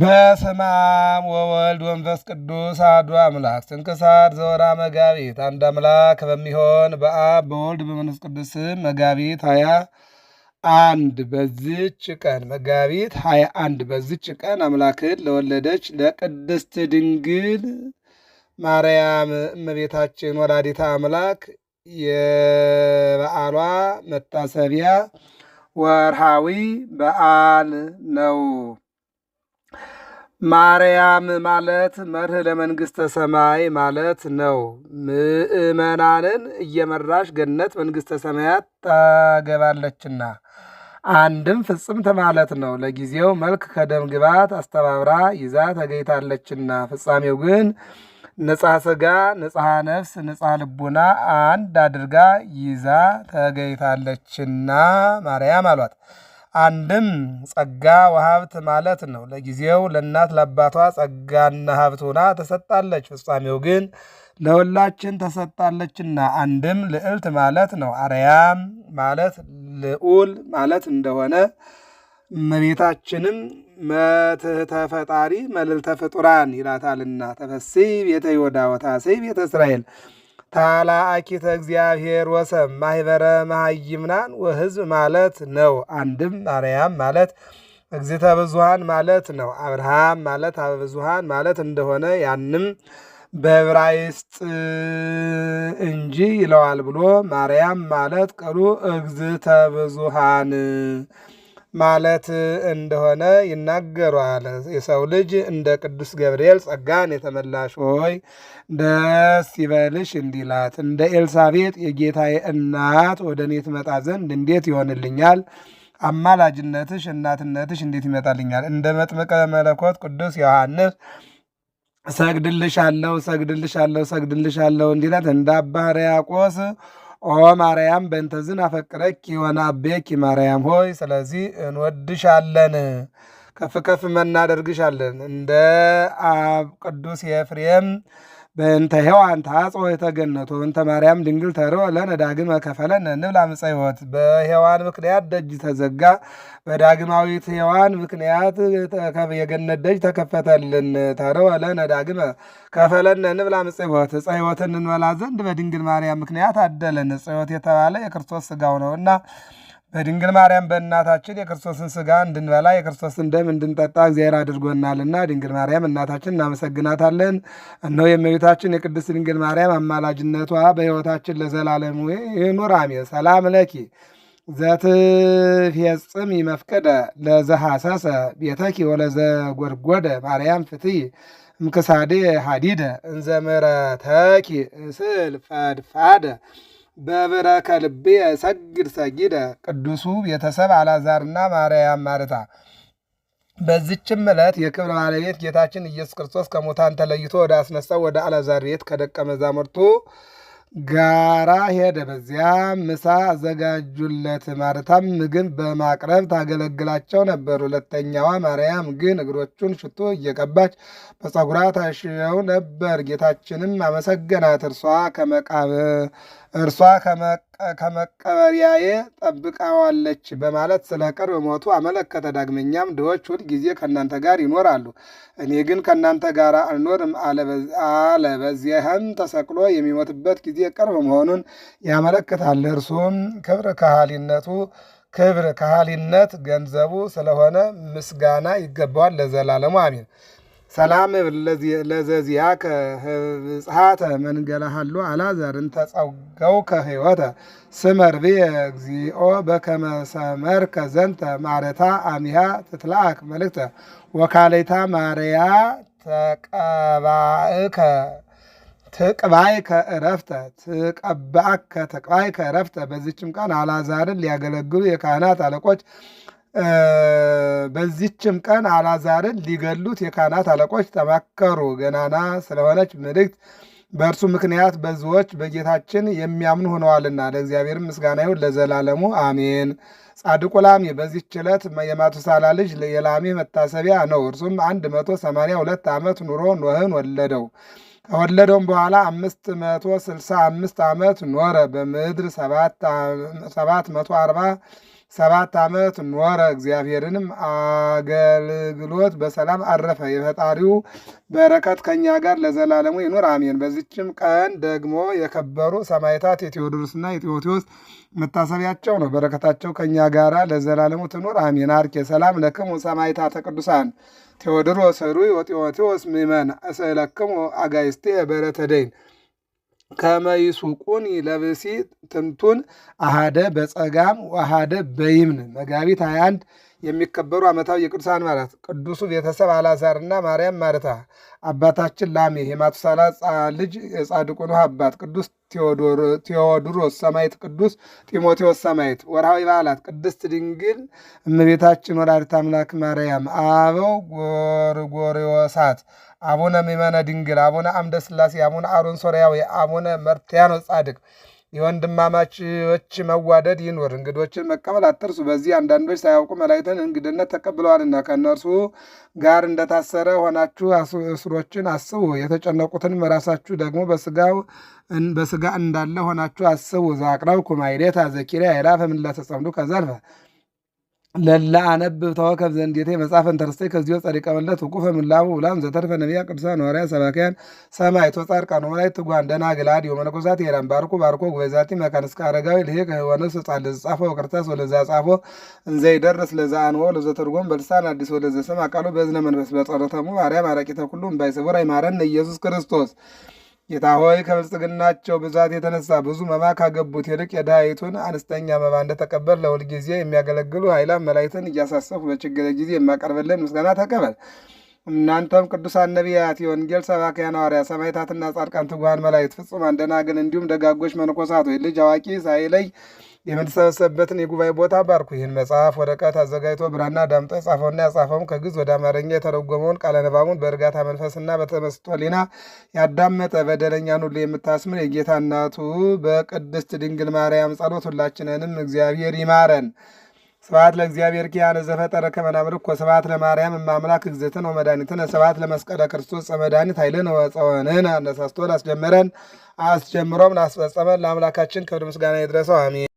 በስመ አብ ወወልድ ወንፈስ ቅዱስ አሐዱ አምላክ። ስንክሳር ዘወርኃ መጋቢት። አንድ አምላክ በሚሆን በአብ በወልድ በመንፈስ ቅዱስ መጋቢት ሀያ አንድ በዝች ቀን መጋቢት ሀያ አንድ በዝች ቀን አምላክን ለወለደች ለቅድስት ድንግል ማርያም እመቤታችን ወላዲታ አምላክ የበዓሏ መታሰቢያ ወርሃዊ በዓል ነው። ማርያም ማለት መርህ ለመንግሥተ ሰማይ ማለት ነው። ምእመናንን እየመራሽ ገነት መንግሥተ ሰማያት ታገባለችና አንድም ፍጽምት ማለት ነው። ለጊዜው መልክ ከደም ግባት አስተባብራ ይዛ ተገኝታለችና ፍጻሜው ግን ንጽሐ ሥጋ፣ ንጽሐ ነፍስ፣ ንጽሐ ልቡና አንድ አድርጋ ይዛ ተገኝታለችና ማርያም አሏት። አንድም ጸጋ ወሀብት ማለት ነው። ለጊዜው ለእናት ለአባቷ ጸጋና ሀብት ሆና ተሰጣለች። ፍጻሜው ግን ለሁላችን ተሰጣለችና አንድም ልዕልት ማለት ነው። አርያም ማለት ልዑል ማለት እንደሆነ እመቤታችንም መትሕተ ፈጣሪ መልዕልተ ፍጡራን ይላታልና ተፈሥሒ ቤተ ይሁዳ ወታሰይ ቤተ እስራኤል ታላአኪተ እግዚአብሔር ወሰብ ማህበረ መሃይምናን ወህዝብ ማለት ነው። አንድም ማርያም ማለት እግዚተ ብዙሃን ማለት ነው። አብርሃም ማለት አበብዙሃን ማለት እንደሆነ ያንም በዕብራይስጥ እንጂ ይለዋል ብሎ ማርያም ማለት ቅሉ እግዚተ ብዙሃን ማለት እንደሆነ ይናገሯል። የሰው ልጅ እንደ ቅዱስ ገብርኤል ጸጋን የተመላሽ ሆይ ደስ ይበልሽ እንዲላት እንደ ኤልሳቤጥ የጌታዬ እናት ወደ እኔ ትመጣ ዘንድ እንዴት ይሆንልኛል? አማላጅነትሽ እናትነትሽ እንዴት ይመጣልኛል? እንደ መጥምቀ መለኮት ቅዱስ ዮሐንስ እሰግድልሻለሁ እሰግድልሻለሁ እሰግድልሻለሁ እንዲላት እንደ አባ ሕርያቆስ ኦ ማርያም በእንተዝን አፈቅረኪ ወናቤኪ ማርያም ሆይ ስለዚህ እንወድሻለን፣ ከፍ ከፍ መናደርግሻለን እንደ አብ ቅዱስ ኤፍሬም በእንተ ሔዋን ታጾ የተገነቶ እንተ ማርያም ድንግል ተሮ ለነ ዳግመ ከፈለን እንብላ ምፀ ሕይወት። በሔዋን ምክንያት ደጅ ተዘጋ፣ በዳግማዊት ሔዋን ምክንያት የገነት ደጅ ተከፈተልን። ተሮ ለነ ዳግመ ከፈለን እንብላ ምፀ ሕይወት። ዕፀ ሕይወትን እንበላ ዘንድ በድንግል ማርያም ምክንያት አደለን። ዕፀ ሕይወት የተባለ የክርስቶስ ሥጋው ነውና በድንግል ማርያም በእናታችን የክርስቶስን ስጋ እንድንበላ የክርስቶስን ደም እንድንጠጣ እግዚአብሔር አድርጎናልና ድንግል ማርያም እናታችን እናመሰግናታለን። እነሆ የእመቤታችን የቅድስት ድንግል ማርያም አማላጅነቷ በሕይወታችን ለዘላለሙ ይኑር አሜን። ሰላም ለኪ ዘትፌጽም መፍቀደ ለዘሐሰሰ ቤተኪ ወለዘ ጎድጎደ ማርያም ፍትይ እምክሳዴ ሀዲደ እንዘምረተኪ እስል ፈድፋደ በብረከ ልቤ ሰግድ ሰጊደ ቅዱሱ ቤተሰብ አላዛርና ማርያም ማርታ። በዚችም ዕለት የክብር ባለቤት ጌታችን ኢየሱስ ክርስቶስ ከሙታን ተለይቶ ወደ አስነሳው ወደ አላዛር ቤት ከደቀ መዛሙርቱ ጋራ ሄደ። በዚያ ምሳ አዘጋጁለት። ማርታም ምግብ በማቅረብ ታገለግላቸው ነበር። ሁለተኛዋ ማርያም ግን እግሮቹን ሽቶ እየቀባች በፀጉሯ ታሽው ነበር። ጌታችንም አመሰገናት። እርሷ ከመቃብ እርሷ ከመቀበሪያዬ ጠብቃዋለች በማለት ስለ ቅርብ ሞቱ አመለከተ። ዳግመኛም ድሆች ሁል ጊዜ ከእናንተ ጋር ይኖራሉ፣ እኔ ግን ከእናንተ ጋር አልኖርም፣ አለበዚያህም ተሰቅሎ የሚሞትበት ጊዜ ቅርብ መሆኑን ያመለክታል። እርሱም ክብር ከሃሊነቱ ክብር ከሃሊነት ገንዘቡ ስለሆነ ምስጋና ይገባዋል ለዘላለሙ አሚን። ሰላም ለዘዚያ ህብፅሓተ መንገላሃሉ አልዓዛር እንተጸገው ከህይወተ ስመርብየ እግዚኦ በከመሰመር ከዘንተ ማረታ አሚሃ ትትላአክ መልእክተ ወካሌታ ማርያ ተቀባእከ ትቅባይከ እረፍተ ትቀባእከ ተቅባይከ እረፍተ። በዚችም ቀን አላዛርን ሊያገለግሉ የካህናት አለቆች በዚችም ቀን አላዛርን ሊገሉት የካህናት አለቆች ተማከሩ። ገናና ስለሆነች ምልክት በእርሱ ምክንያት ብዙዎች በጌታችን የሚያምኑ ሆነዋልና ለእግዚአብሔር ምስጋና ይሁን ለዘላለሙ አሜን። ጻድቁ ላሜ በዚች ዕለት የማቱሳላ ልጅ የላሜ መታሰቢያ ነው። እርሱም 182 ዓመት ኑሮ ኖህን ወለደው። ከወለደውም በኋላ 565 ዓመት ኖረ። በምድር 740 ሰባት ዓመት ኖረ። እግዚአብሔርንም አገልግሎት በሰላም አረፈ። የፈጣሪው በረከት ከኛ ጋር ለዘላለሙ ይኑር አሜን። በዚችም ቀን ደግሞ የከበሩ ሰማዕታት የቴዎድሮስና የጢሞቴዎስ መታሰቢያቸው ነው። በረከታቸው ከኛ ጋር ለዘላለሙ ትኑር አሜን። አርኬ ሰላም ለክሙ ሰማዕታተ ቅዱሳን ቴዎድሮስ ሩይ ወጢሞቴዎስ ምእመን እስእለክሙ አጋይስቴ በረተደይን ከመይሱቁን ለብሲ ጥንቱን አሃደ በጸጋም አሃደ በይምን መጋቢት 21 የሚከበሩ ዓመታዊ የቅዱሳን በዓላት ቅዱሱ ቤተሰብ አልዓዛርና ማርያም ማርታ፣ አባታችን ላሜ የማቱሳላ ልጅ የጻድቁን አባት ቅዱስ ቴዎድሮስ ሰማዕት፣ ቅዱስ ጢሞቴዎስ ሰማዕት። ወርሃዊ በዓላት ቅድስት ድንግል እመቤታችን ወላዲተ አምላክ ማርያም፣ አበው ጎርጎርዮሳት፣ አቡነ ሚመነ ድንግል፣ አቡነ አምደ ሥላሴ፣ አቡነ አሮን ሶርያዊ፣ አቡነ መርትያኖስ ጻድቅ የወንድማማቾች መዋደድ ይኑር። እንግዶችን መቀበል አትርሱ። በዚህ አንዳንዶች ሳያውቁ መላእክትን እንግድነት ተቀብለዋልና ከእነርሱ ጋር እንደታሰረ ሆናችሁ እስሮችን አስቡ። የተጨነቁትን ራሳችሁ ደግሞ በስጋ እንዳለ ሆናችሁ አስቡ። ዛቅረብኩ ማይሌታ ዘኪርያ የላፈ ምን ለተጸምዱ ከዛልፈ ለላ አነብብ ተወከብ ዘንዴቴ መጽሐፈ እንተርሥቴ ከዚዮ ጸሪቀ መለት ውቁፈ ምላቡ ውላም ዘተርፈ ነቢያ ቅዱሳን ሐዋርያት ሰባክያን ሰማዕት ወጻድቃን ወላእት ትጉሃን ደናግል አሐዲሁ መነኮሳት ሄራን ባርኮ ባርኮ ጉባኤዛቲ መካነ እስከ አረጋዊ ልሄ ወነፍስ ጻል ጻፈ ወቅርታስ ወለዛ ጻፎ እንዘይደርስ ለዛ አንወ ለዘተርጎም በልሳን አዲስ ወለዘ ሰማ ቃሉ በዝነ መንፈስ በጸረተሙ ማርያም አረቂተ ኩሉ እምባይ እምባይሰቡር አይማረን ኢየሱስ ክርስቶስ ጌታ ሆይ ከብልጽግናቸው ብዛት የተነሳ ብዙ መባ ካገቡት ይልቅ የድሃይቱን አነስተኛ መባ እንደተቀበል ለሁል ጊዜ የሚያገለግሉ ኃይላን መላእክትን እያሳሰፉ በችግር ጊዜ የማቀርብልን ምስጋና ተቀበል። እናንተም ቅዱሳን ነቢያት፣ የወንጌል ሰባክያን ሐዋርያት፣ ሰማዕታትና ጻድቃን፣ ትጉሃን መላእክት፣ ፍጹማን ደናግል፣ እንዲሁም ደጋጎች መነኮሳት ልጅ አዋቂ ሳይለይ የምንሰበሰብበትን የጉባኤ ቦታ ባርኩ። ይህን መጽሐፍ ወረቀት አዘጋጅቶ ብራና ዳምጠ ጻፈውና ያጻፈውም ከግዕዝ ወደ አማርኛ የተረጎመውን ቃለ ንባቡን በእርጋታ መንፈስና በተመስጦ ሌና ያዳመጠ በደለኛን ሁሉ የምታስምር የጌታ እናቱ በቅድስት ድንግል ማርያም ጸሎት ሁላችንንም እግዚአብሔር ይማረን። ስብሐት ለእግዚአብሔር ኪያነ ዘፈጠረ ከመ ናምልኮ ወስብሐት ለማርያም እማምላክ አምላክ እግዝእትነ ወመድኃኒትነ ስብሐት ለመስቀለ ክርስቶስ መድኃኒት ኃይልነ ወፀወንህን አነሳስቶ ላስጀመረን አስጀምሮም ላስፈጸመን ለአምላካችን ክብር ምስጋና ይድረሰው አሜን።